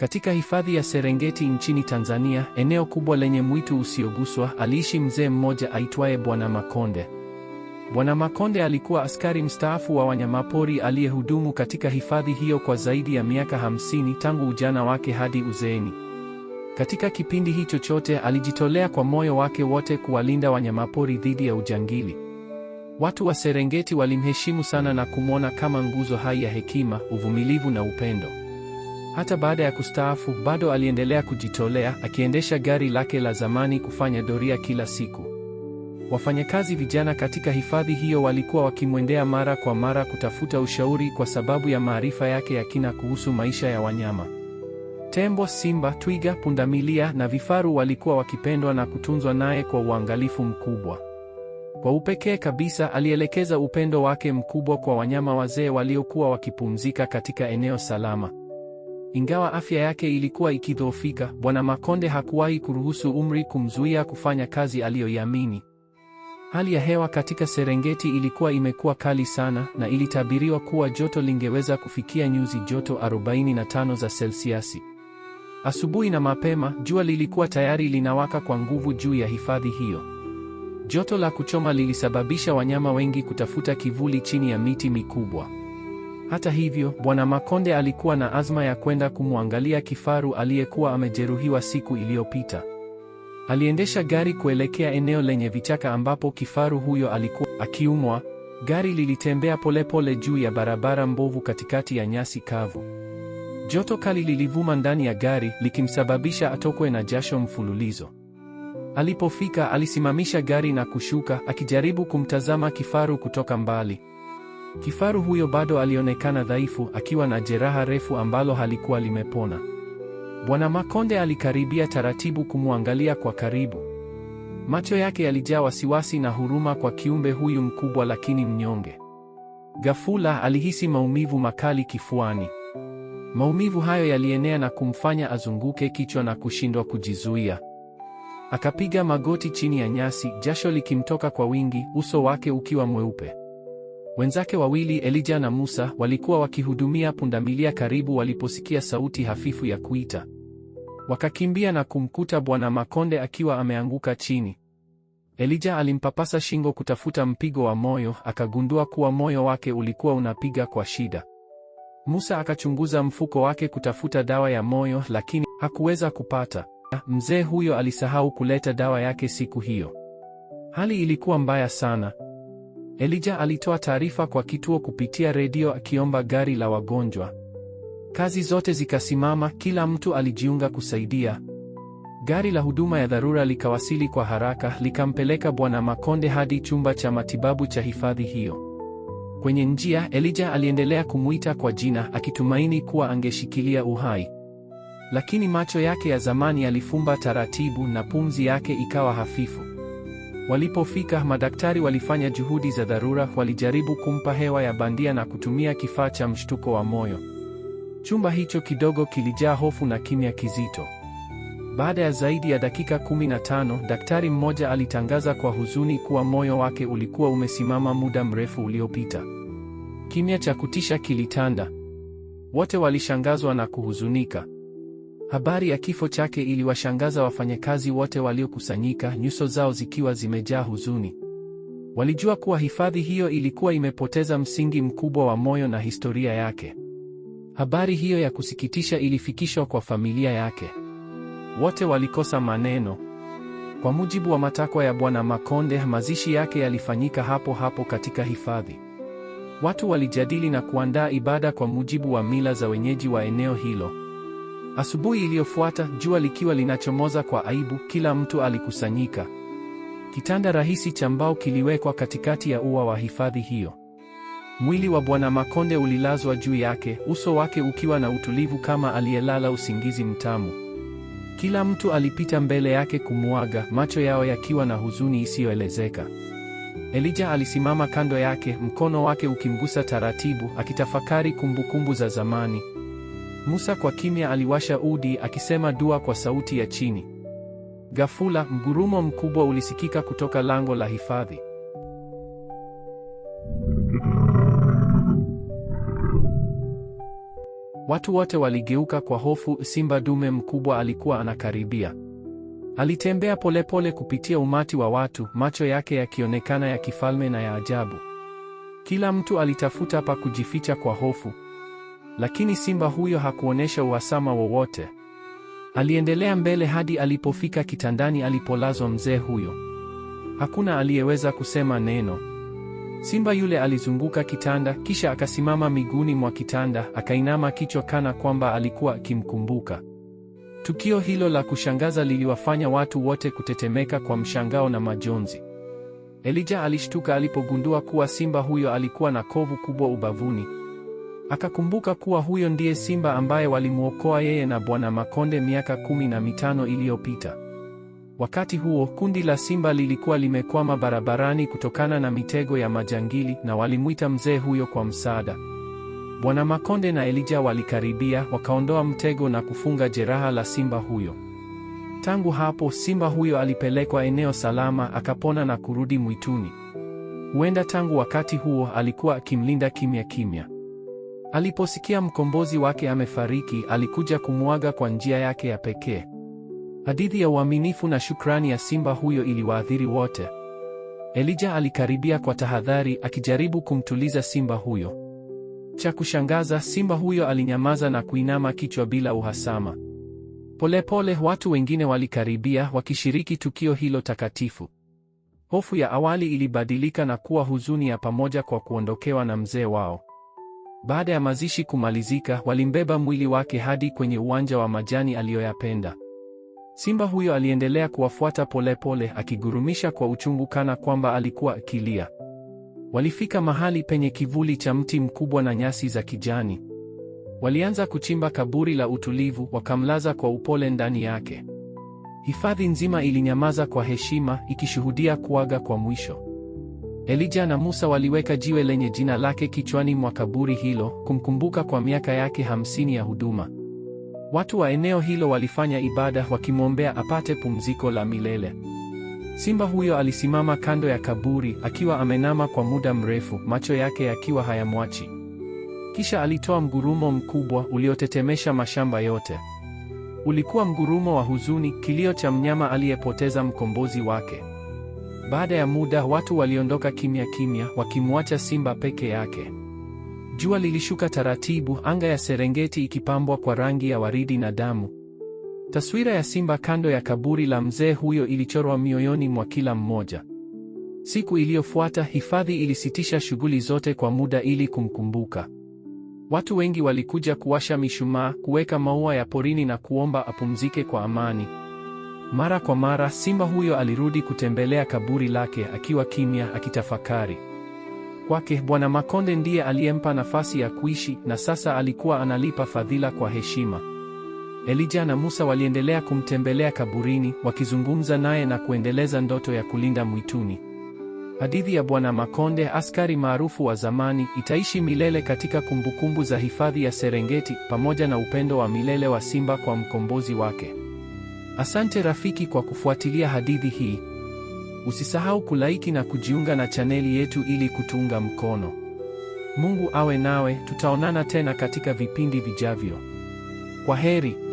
Katika hifadhi ya Serengeti nchini Tanzania, eneo kubwa lenye mwitu usioguswa, aliishi mzee mmoja aitwaye Bwana Makonde. Bwana Makonde alikuwa askari mstaafu wa wanyamapori aliyehudumu katika hifadhi hiyo kwa zaidi ya miaka hamsini tangu ujana wake hadi uzeeni. Katika kipindi hicho chote alijitolea kwa moyo wake wote kuwalinda wanyamapori dhidi ya ujangili. Watu wa Serengeti walimheshimu sana na kumwona kama nguzo hai ya hekima, uvumilivu na upendo. Hata baada ya kustaafu, bado aliendelea kujitolea, akiendesha gari lake la zamani kufanya doria kila siku. Wafanyakazi vijana katika hifadhi hiyo walikuwa wakimwendea mara kwa mara kutafuta ushauri kwa sababu ya maarifa yake ya kina kuhusu maisha ya wanyama. Tembo, simba, twiga, pundamilia na vifaru walikuwa wakipendwa na kutunzwa naye kwa uangalifu mkubwa. Kwa upekee kabisa, alielekeza upendo wake mkubwa kwa wanyama wazee waliokuwa wakipumzika katika eneo salama. Ingawa afya yake ilikuwa ikidhoofika, Bwana Makonde hakuwahi kuruhusu umri kumzuia kufanya kazi aliyoiamini. Hali ya hewa katika Serengeti ilikuwa imekuwa kali sana na ilitabiriwa kuwa joto lingeweza kufikia nyuzi joto 45 za Selsiasi. Asubuhi na mapema, jua lilikuwa tayari linawaka kwa nguvu juu ya hifadhi hiyo. Joto la kuchoma lilisababisha wanyama wengi kutafuta kivuli chini ya miti mikubwa. Hata hivyo, Bwana Makonde alikuwa na azma ya kwenda kumwangalia kifaru aliyekuwa amejeruhiwa siku iliyopita. Aliendesha gari kuelekea eneo lenye vichaka ambapo kifaru huyo alikuwa akiumwa. Gari lilitembea polepole pole juu ya barabara mbovu katikati ya nyasi kavu. Joto kali lilivuma ndani ya gari likimsababisha atokwe na jasho mfululizo. Alipofika, alisimamisha gari na kushuka akijaribu kumtazama kifaru kutoka mbali. Kifaru huyo bado alionekana dhaifu, akiwa na jeraha refu ambalo halikuwa limepona. Bwana Makonde alikaribia taratibu kumwangalia kwa karibu. Macho yake yalijaa wasiwasi na huruma kwa kiumbe huyu mkubwa lakini mnyonge. Ghafula alihisi maumivu makali kifuani. Maumivu hayo yalienea na kumfanya azunguke kichwa na kushindwa kujizuia. Akapiga magoti chini ya nyasi, jasho likimtoka kwa wingi, uso wake ukiwa mweupe. Wenzake wawili Elija na Musa walikuwa wakihudumia pundamilia karibu waliposikia sauti hafifu ya kuita. Wakakimbia na kumkuta Bwana Makonde akiwa ameanguka chini. Elija alimpapasa shingo kutafuta mpigo wa moyo, akagundua kuwa moyo wake ulikuwa unapiga kwa shida. Musa akachunguza mfuko wake kutafuta dawa ya moyo, lakini hakuweza kupata. Mzee huyo alisahau kuleta dawa yake siku hiyo. Hali ilikuwa mbaya sana. Elijah alitoa taarifa kwa kituo kupitia redio akiomba gari la wagonjwa. Kazi zote zikasimama, kila mtu alijiunga kusaidia. Gari la huduma ya dharura likawasili kwa haraka, likampeleka Bwana Makonde hadi chumba cha matibabu cha hifadhi hiyo. Kwenye njia, Elijah aliendelea kumwita kwa jina akitumaini kuwa angeshikilia uhai. Lakini macho yake ya zamani yalifumba taratibu na pumzi yake ikawa hafifu. Walipofika, madaktari walifanya juhudi za dharura, walijaribu kumpa hewa ya bandia na kutumia kifaa cha mshtuko wa moyo. Chumba hicho kidogo kilijaa hofu na kimya kizito. Baada ya zaidi ya dakika 15, daktari mmoja alitangaza kwa huzuni kuwa moyo wake ulikuwa umesimama muda mrefu uliopita. Kimya cha kutisha kilitanda. Wote walishangazwa na kuhuzunika. Habari ya kifo chake iliwashangaza wafanyakazi wote waliokusanyika, nyuso zao zikiwa zimejaa huzuni. Walijua kuwa hifadhi hiyo ilikuwa imepoteza msingi mkubwa wa moyo na historia yake. Habari hiyo ya kusikitisha ilifikishwa kwa familia yake. Wote walikosa maneno. Kwa mujibu wa matakwa ya Bwana Makonde, mazishi yake yalifanyika hapo hapo katika hifadhi. Watu walijadili na kuandaa ibada kwa mujibu wa mila za wenyeji wa eneo hilo. Asubuhi iliyofuata, jua likiwa linachomoza kwa aibu, kila mtu alikusanyika. Kitanda rahisi cha mbao kiliwekwa katikati ya ua wa hifadhi hiyo. Mwili wa Bwana Makonde ulilazwa juu yake, uso wake ukiwa na utulivu kama aliyelala usingizi mtamu. Kila mtu alipita mbele yake kumuaga, macho yao yakiwa na huzuni isiyoelezeka. elija alisimama kando yake, mkono wake ukimgusa taratibu, akitafakari kumbukumbu za zamani. Musa kwa kimya aliwasha udi akisema dua kwa sauti ya chini. Ghafula mgurumo mkubwa ulisikika kutoka lango la hifadhi. Watu wote waligeuka kwa hofu. Simba dume mkubwa alikuwa anakaribia. Alitembea polepole pole kupitia umati wa watu, macho yake yakionekana ya kifalme na ya ajabu. Kila mtu alitafuta pa kujificha kwa hofu. Lakini simba huyo hakuonyesha uhasama wowote. Aliendelea mbele hadi alipofika kitandani alipolazwa mzee huyo. Hakuna aliyeweza kusema neno. Simba yule alizunguka kitanda, kisha akasimama miguuni mwa kitanda, akainama kichwa kana kwamba alikuwa akimkumbuka. Tukio hilo la kushangaza liliwafanya watu wote kutetemeka kwa mshangao na majonzi. Elijah alishtuka alipogundua kuwa simba huyo alikuwa na kovu kubwa ubavuni. Akakumbuka kuwa huyo ndiye simba ambaye walimwokoa yeye na Bwana Makonde miaka kumi na mitano iliyopita. Wakati huo kundi la simba lilikuwa limekwama barabarani kutokana na mitego ya majangili na walimwita mzee huyo kwa msaada. Bwana Makonde na Elija walikaribia, wakaondoa mtego na kufunga jeraha la simba huyo. Tangu hapo simba huyo alipelekwa eneo salama, akapona na kurudi mwituni. Huenda tangu wakati huo alikuwa akimlinda kimya kimya. Aliposikia mkombozi wake amefariki, alikuja kumwaga kwa njia yake ya pekee. Hadithi ya uaminifu na shukrani ya simba huyo iliwaathiri wote. Elijah alikaribia kwa tahadhari, akijaribu kumtuliza simba huyo. Cha kushangaza, simba huyo alinyamaza na kuinama kichwa bila uhasama. Polepole pole, watu wengine walikaribia wakishiriki tukio hilo takatifu. Hofu ya awali ilibadilika na kuwa huzuni ya pamoja kwa kuondokewa na mzee wao. Baada ya mazishi kumalizika, walimbeba mwili wake hadi kwenye uwanja wa majani aliyoyapenda. Simba huyo aliendelea kuwafuata polepole, akigurumisha kwa uchungu kana kwamba alikuwa akilia. Walifika mahali penye kivuli cha mti mkubwa na nyasi za kijani. Walianza kuchimba kaburi la utulivu, wakamlaza kwa upole ndani yake. Hifadhi nzima ilinyamaza kwa heshima, ikishuhudia kuaga kwa mwisho. Elija na Musa waliweka jiwe lenye jina lake kichwani mwa kaburi hilo, kumkumbuka kwa miaka yake hamsini ya huduma. Watu wa eneo hilo walifanya ibada wakimwombea apate pumziko la milele. Simba huyo alisimama kando ya kaburi akiwa amenama kwa muda mrefu, macho yake yakiwa hayamwachi. Kisha alitoa mgurumo mkubwa uliotetemesha mashamba yote. Ulikuwa mgurumo wa huzuni, kilio cha mnyama aliyepoteza mkombozi wake. Baada ya muda watu waliondoka kimya kimya, wakimwacha simba peke yake. Jua lilishuka taratibu, anga ya Serengeti ikipambwa kwa rangi ya waridi na damu. Taswira ya simba kando ya kaburi la mzee huyo ilichorwa mioyoni mwa kila mmoja. Siku iliyofuata hifadhi ilisitisha shughuli zote kwa muda ili kumkumbuka. Watu wengi walikuja kuwasha mishumaa, kuweka maua ya porini na kuomba apumzike kwa amani. Mara kwa mara simba huyo alirudi kutembelea kaburi lake akiwa kimya, akitafakari. Kwake Bwana Makonde ndiye aliyempa nafasi ya kuishi, na sasa alikuwa analipa fadhila kwa heshima. Elijah na Musa waliendelea kumtembelea kaburini, wakizungumza naye na kuendeleza ndoto ya kulinda mwituni. Hadithi ya Bwana Makonde, askari maarufu wa zamani, itaishi milele katika kumbukumbu za hifadhi ya Serengeti, pamoja na upendo wa milele wa simba kwa mkombozi wake. Asante rafiki kwa kufuatilia hadithi hii. Usisahau kulaiki na kujiunga na chaneli yetu ili kutuunga mkono. Mungu awe nawe, tutaonana tena katika vipindi vijavyo. Kwa heri.